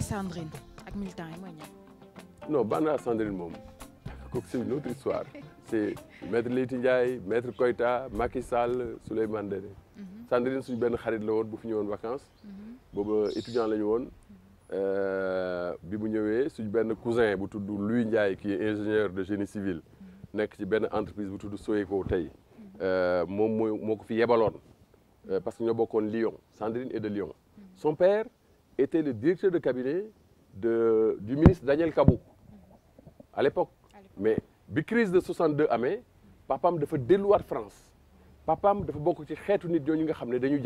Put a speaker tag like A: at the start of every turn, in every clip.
A: Sandrine ak militant yi mooy non Bana Sandrine moom c'est une autre histoire c'est maître Leyti maître Koita, Macky Sall Souleymane Dede mhm. Sandrine suñu benn xarit la woon bu fi ñëwoon vacances mhm. boobu étudiant la ñu woon euh, bi mu ñëwee suñu benn cousin bu tudd Louis Ndiaye qui est ingénieur de génie civil mhm. nekk ci benn entreprise bu tudd Soyeco tey euh, mon moo ko fi yebaloon euh, parce que beaucoup bokkoon Lyon Sandrine est de Lyon son père était le directeur de cabinet du ministre Daniel Kabou, à l'époque. Mais, la crise de 62 à mai, papa delluwaat France Papa dafa bokk ci xeetu nit ñooñu nga de ne dañu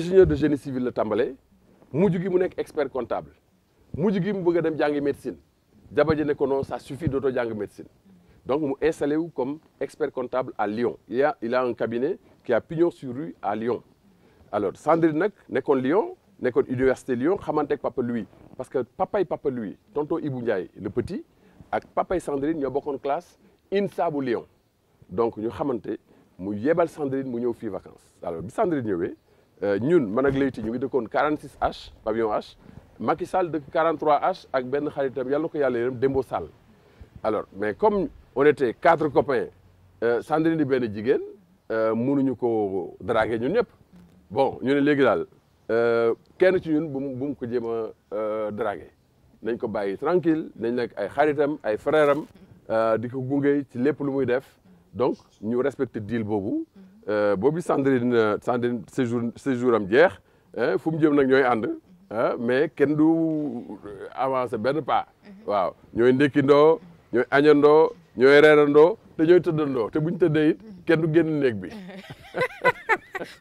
A: ingénieur de génie civil de Tambalé, Il gi expert comptable mujj gi mu bëgg médecine D'abord ji ne ko ça suffit d'autres jàng médecine donc mu installé comme expert comptable à Lyon il a il a un cabinet qui a pignon sur rue à Lyon alors Sandrine est à Lyon nekkoon université Lyon xamanteeg papa Louis parce que papa et papa Louis tonton Ibou Ndiaye le petit papa et Sandrine ñoo bokkoon classe INSA bu Lyon donc ñu xamante mu yebal Sandrine mu ñëw fii vacances alors Sandrine Sandrine ñëwee euh, ñun man ak Leyti ñu ngi dëkkoon 46H pavillon H Macky Sall de 43H ak Ben xaritam nous ko yàlla yërëm Dembo Sall alors mais comme on était quatre copains euh, Sandrine nous di benn jigéen euh, mënuñu ko draguer ñun ñëpp bon nous ne léegi Euh, kenn ci ñun bu mu bu mu ko jéem a euh, dragué nañ ko bàyyi tranquille nañ nekk ay xaritam ay frère am euh, di ko gunge ci lépp lu muy def donc ñu respecté deal boobu boobu Sandrine Sandrine séjour séjour am jeex fu jëm nag ñooy ànd mais kenn du avancer benn pa waaw ñooy ndékkindoo ñooy añandoo ñooy reerandoo te ñooy tëddandoo te buñ tëddee it kenn du génn néeg bi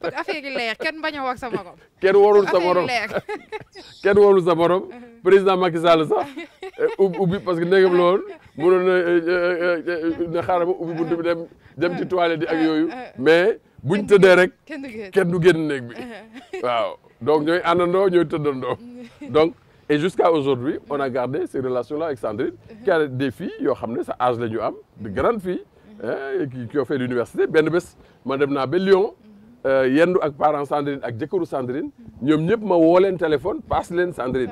A: kon affaire yi leer kenn bañ a wax sa morom. kenn warul sa borom kenn warul sa borom président Macky Sall sax eh, ubbi parce que ndegam loolu mënoon na eh, eh, xaaral ma ubbi buntu bi dem dem ci toilette yi ak yooyu mais buñ tëddee rek kenn du génn néeg bi waaw donc ñooy àndandoo ñooy tëddandoo donc et jusqu'à aujourd'hui on a gardé ces relations là avec Sandrine qui a des filles yoo xam ne sa âge la ñu am de grandes filles hein, qui ont fait l'université benn bés ma dem naa ba Lyon euh, yendu ak parents Sandrine ak jëkkëru Sandrine ñom ñëpp ma woo téléphone passe Sandrine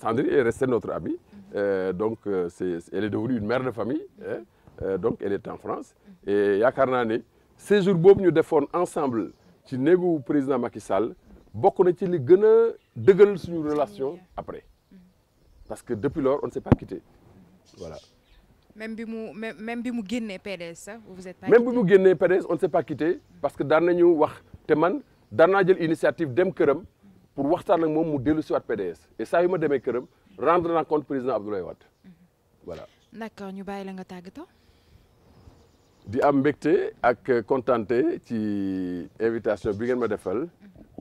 A: Sandrine est restée notre amie euh, donc euh, elle est devenue une mère de famille hein. donc elle est en France et yakarna né jours séjour nous ñu defoon ensemble ci le président Macky Sall Nous na ci li gëna suñu relation après parce que depuis lors on ne s'est pas quitté voilà même bi mu même bi mu génnee PDS sax vous êtes pas même bi mu génnee PDS on ne s'est pas quitté parce que daan nañu wax te man daan naa jël initiative dem këram pour waxtaan ak moom mu dellu si waat PDS et ça yu ma demee këram rendre na compte président Abdoulaye Wade mhm. voilà. d'accord ñu bàyyi la nga tàggatoo. di am mbégte ak contenté ci invitation bi ngeen ma defal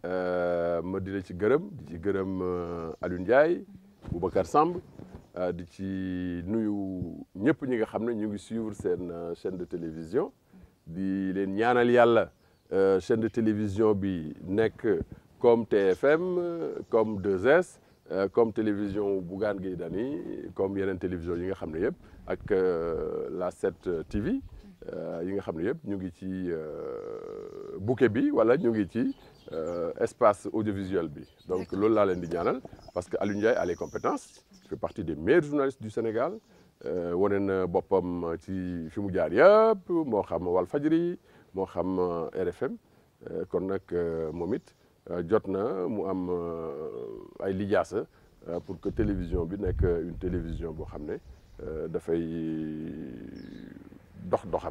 A: euh, ma di la ci gërëm di ci gërëm euh, Aliou Ndiaye Boubacar Samb euh, di ci ñëpp ñi nga xam ne ñu ngi suivre seen euh, chaîne de télévision di leen ñaanal yàlla euh, chaîne de télévision bi nekk comme TFM comme 2S euh, comme télévision Bougane Gueye comme yeneen télévision yi nga xam ne ak la 7 TV yi nga xam ne yëpp ñu ngi ci bouquet bi wala ñu ngi ci espace audiovisuel bi donc loolu laa leen di ñaanal parce que Aliou Ndiaye a les compétences fait partie des meilleurs journalistes du Sénégal euh, euh, wane euh, na bopam ci fimu jaar Wal mo xam mo xam RFM kon nak momit. Jotna, mu am ay pour que télévision bi nek une télévision bo xam da dafay dox